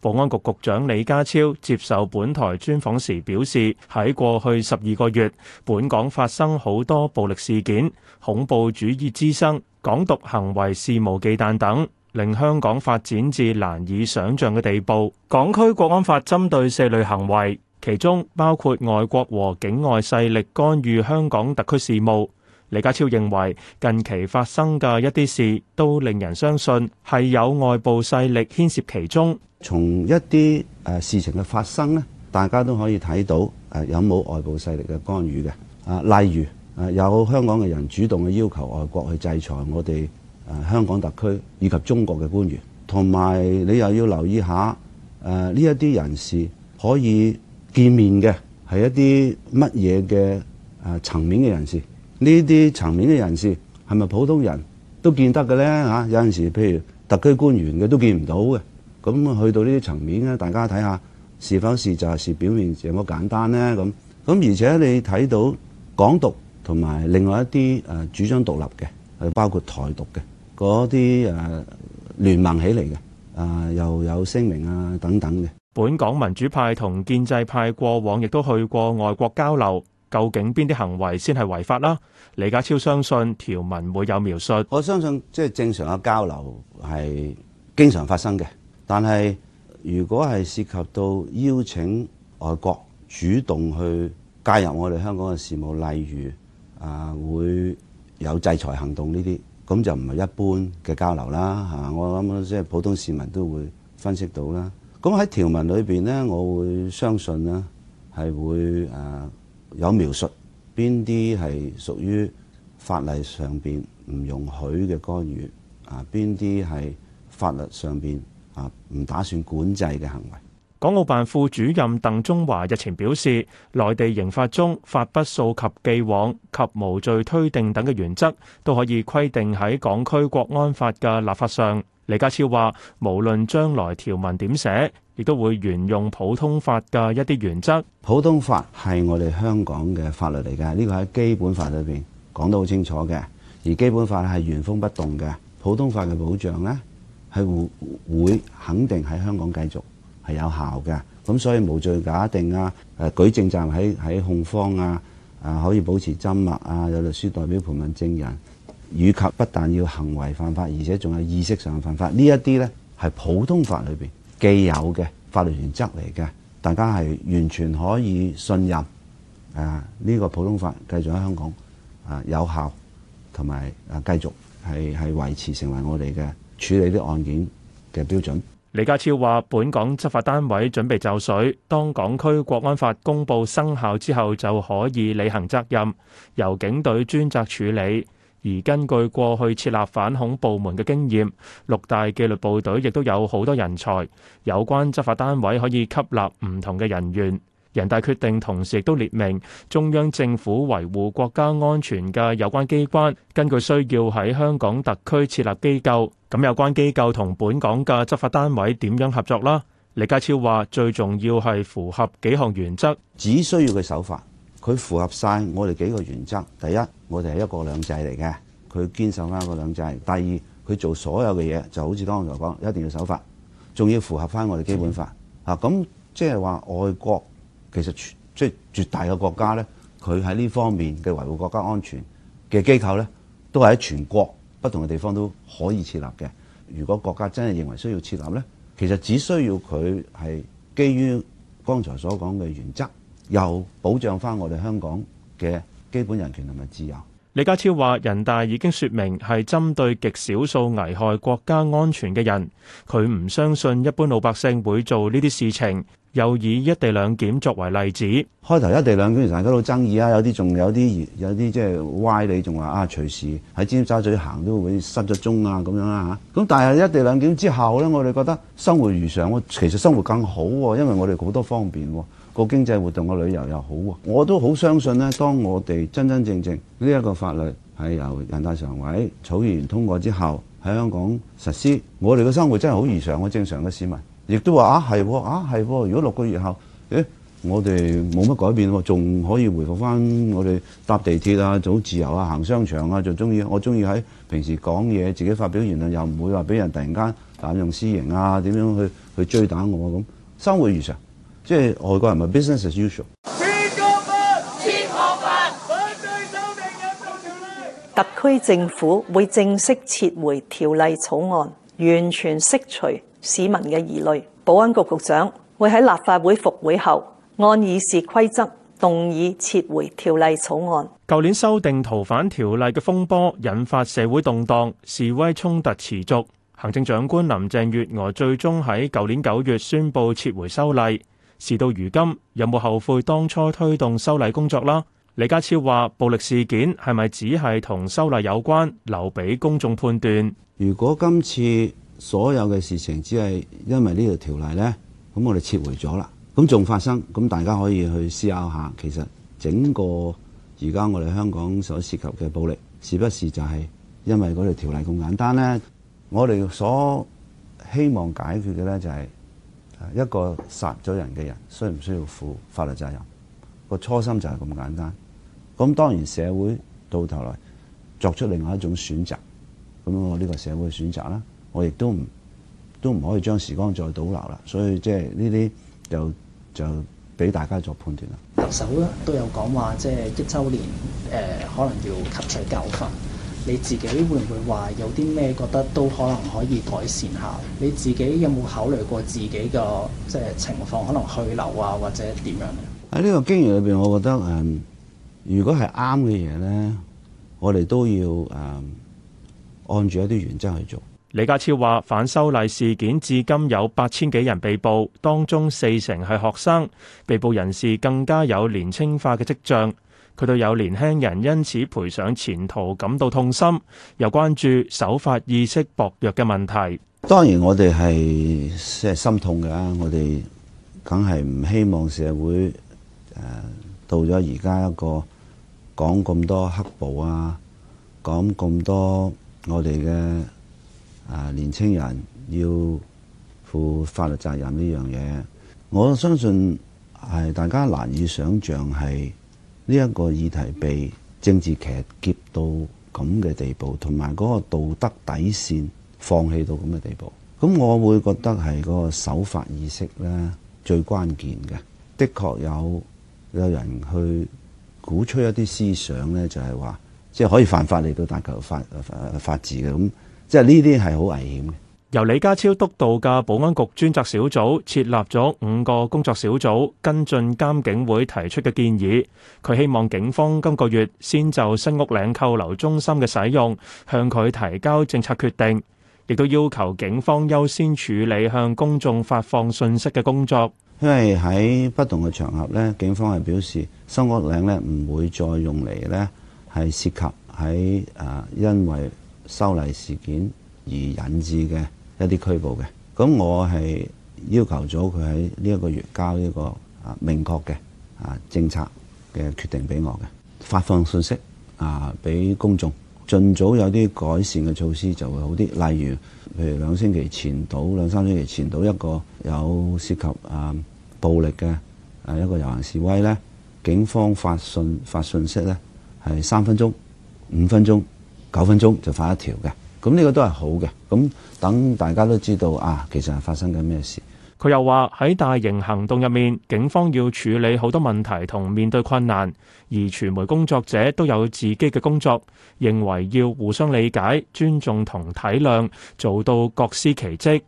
保安局局長李家超接受本台專訪時表示，喺過去十二個月，本港發生好多暴力事件、恐怖主義滋生、港獨行為肆無忌憚等，令香港發展至難以想象嘅地步。港區國安法針對四類行為，其中包括外國和境外勢力干預香港特區事務。李家超認為，近期發生嘅一啲事都令人相信係有外部勢力牽涉其中。從一啲誒事情嘅發生呢，大家都可以睇到誒有冇外部勢力嘅干預嘅啊。例如誒有香港嘅人主動去要求外國去制裁我哋誒香港特區以及中國嘅官員，同埋你又要留意下誒呢一啲人士可以見面嘅係一啲乜嘢嘅誒層面嘅人士。呢啲層面嘅人士係咪普通人都見得嘅呢？吓有陣時譬如特區官員嘅都見唔到嘅。咁去到呢啲層面咧，大家睇下是否是就係是表面這麼簡單咧？咁咁而且你睇到港獨同埋另外一啲誒主張獨立嘅，誒包括台獨嘅嗰啲誒聯盟起嚟嘅，誒又有聲明啊等等嘅。本港民主派同建制派過往亦都去過外國交流，究竟邊啲行為先係違法啦？李家超相信條文會有描述。我相信即係正常嘅交流係經常發生嘅。但係，如果係涉及到邀請外國主動去介入我哋香港嘅事務，例如啊會有制裁行動呢啲，咁就唔係一般嘅交流啦。嚇，我諗，即係普通市民都會分析到啦。咁喺條文裏面呢，我會相信呢係會、啊、有描述邊啲係屬於法例上面唔容許嘅干預，啊邊啲係法律上面。啊，唔打算管制嘅行為。港澳辦副主任鄧中華日前表示，內地刑法中法不溯及既往及無罪推定等嘅原則，都可以規定喺港區國安法嘅立法上。李家超話，無論將來條文點寫，亦都會沿用普通法嘅一啲原則。普通法係我哋香港嘅法律嚟嘅，呢個喺基本法裏邊講得好清楚嘅，而基本法係原封不動嘅。普通法嘅保障咧，係會肯定喺香港繼續係有效嘅，咁所以無罪假定啊，誒舉證站喺喺控方啊，啊可以保持緘默啊，有律師代表盤問證人，以及不但要行為犯法，而且仲有意識上嘅犯法呢一啲呢，係普通法裏面既有嘅法律原則嚟嘅，大家係完全可以信任誒呢、啊這個普通法繼續喺香港啊有效，同埋啊繼續係維持成為我哋嘅。處理啲案件嘅標準。李家超話：本港執法單位準備就緒，當港區國安法公布生效之後，就可以履行責任，由警隊專責處理。而根據過去設立反恐部門嘅經驗，六大紀律部隊亦都有好多人才，有關執法單位可以吸納唔同嘅人員。人大決定同時亦都列明中央政府維護國家安全嘅有關機關，根據需要喺香港特區設立機構。咁有關機構同本港嘅執法單位點樣合作啦？李家超話：最重要係符合幾項原則，只需要佢守法，佢符合晒我哋幾個原則。第一，我哋係一國兩制嚟嘅，佢堅守翻一國兩制。第二，佢做所有嘅嘢就好似當我哋講，一定要守法，仲要符合翻我哋基本法啊。咁即係話外國。其實，即絕大嘅國家呢，佢喺呢方面嘅維護國家安全嘅機構呢，都係喺全國不同嘅地方都可以設立嘅。如果國家真係認為需要設立呢，其實只需要佢係基於剛才所講嘅原則，又保障翻我哋香港嘅基本人權同埋自由。李家超話：人大已經說明係針對極少數危害國家安全嘅人，佢唔相信一般老百姓會做呢啲事情。又以一地兩檢作為例子，開頭一地兩檢就大家都有爭議啊，有啲仲有啲有啲即係歪理，你仲話啊，隨時喺尖沙咀行都會失咗蹤啊咁樣啊吓。咁但係一地兩檢之後咧，我哋覺得生活如常，我其實生活更好，因為我哋好多方便。個經濟活動個旅遊又好喎，我都好相信呢，當我哋真真正正呢一個法律喺由人大常委草原完通過之後，喺香港實施，我哋嘅生活真係好如常嘅。正常嘅市民亦都話啊，係啊，係。如果六個月後，咦，我哋冇乜改變喎，仲可以回復翻我哋搭地鐵啊，做自由啊，行商場啊，就中意。我中意喺平時講嘢，自己發表言論，又唔會話俾人突然間濫用私刑啊，點樣去去追打我咁，生活如常。即係外國人唔係 business as usual。特區政府會正式撤回條例草案，完全釋除市民嘅疑慮。保安局局長會喺立法會復會後，按議事規則動議撤回條例草案。舊年修訂逃犯條例嘅風波，引發社會動盪，示威衝突持續。行政長官林鄭月娥最終喺舊年九月宣布撤回修例。事到如今，有冇後悔當初推動修例工作啦？李家超話暴力事件係咪只係同修例有關留俾公眾判斷，如果今次所有嘅事情只係因為呢條條例咧，咁我哋撤回咗啦。咁仲發生，咁大家可以去思考下，其實整個而家我哋香港所涉及嘅暴力，是不是就係因為嗰條條例咁簡單咧？我哋所希望解決嘅咧就係、是。一個殺咗人嘅人，需唔需要負法律責任？個初心就係咁簡單。咁當然社會到頭來作出另外一種選擇。咁我呢個社會的選擇啦，我亦都唔都唔可以將時光再倒流啦。所以即係呢啲就就俾大家作判斷啦。特首咧都有講話，即係一週年誒，可能要吸取教訓。你自己會唔會話有啲咩覺得都可能可以改善下？你自己有冇考慮過自己個即係情況，可能去留啊，或者點樣咧？喺呢個經驗裏邊，我覺得誒，如果係啱嘅嘢呢，我哋都要誒按住一啲原則去做。李家超話：反修例事件至今有八千幾人被捕，當中四成係學生，被捕人士更加有年輕化嘅跡象。佢對有年輕人因此賠上前途感到痛心，又關注守法意識薄弱嘅問題。當然我們是，我哋係即係心痛㗎啦。我哋梗係唔希望社會到咗而家一個講咁多黑暴啊，講咁多我哋嘅年青人要負法律責任呢樣嘢。我相信係大家難以想像係。呢一個議題被政治騎劫到咁嘅地步，同埋嗰個道德底線放棄到咁嘅地步，咁我會覺得係個守法意識咧最關鍵嘅。的確有有人去鼓吹一啲思想咧，就係話即係可以犯法嚟到達球法，法誒法治嘅咁，即係呢啲係好危險嘅。由李家超督導嘅保安局專責小組設立咗五個工作小組，跟進監警會提出嘅建議。佢希望警方今個月先就新屋嶺扣留中心嘅使用向佢提交政策決定，亦都要求警方優先處理向公眾發放信息嘅工作。因為喺不同嘅場合咧，警方係表示新屋嶺咧唔會再用嚟咧係涉及喺啊因為修例事件而引致嘅。一啲拘捕嘅，咁我係要求咗佢喺呢一個月交一個啊明確嘅啊政策嘅決定俾我嘅，發放信息啊俾公眾，盡早有啲改善嘅措施就會好啲。例如，譬如兩星期前到兩三星期前到一個有涉及啊暴力嘅一個遊行示威呢，警方發信發信息呢係三分鐘、五分鐘、九分鐘就發一條嘅。咁呢個都係好嘅，咁等大家都知道啊，其實係發生緊咩事。佢又話，喺大型行動入面，警方要處理好多問題同面對困難，而傳媒工作者都有自己嘅工作，認為要互相理解、尊重同體諒，做到各司其職。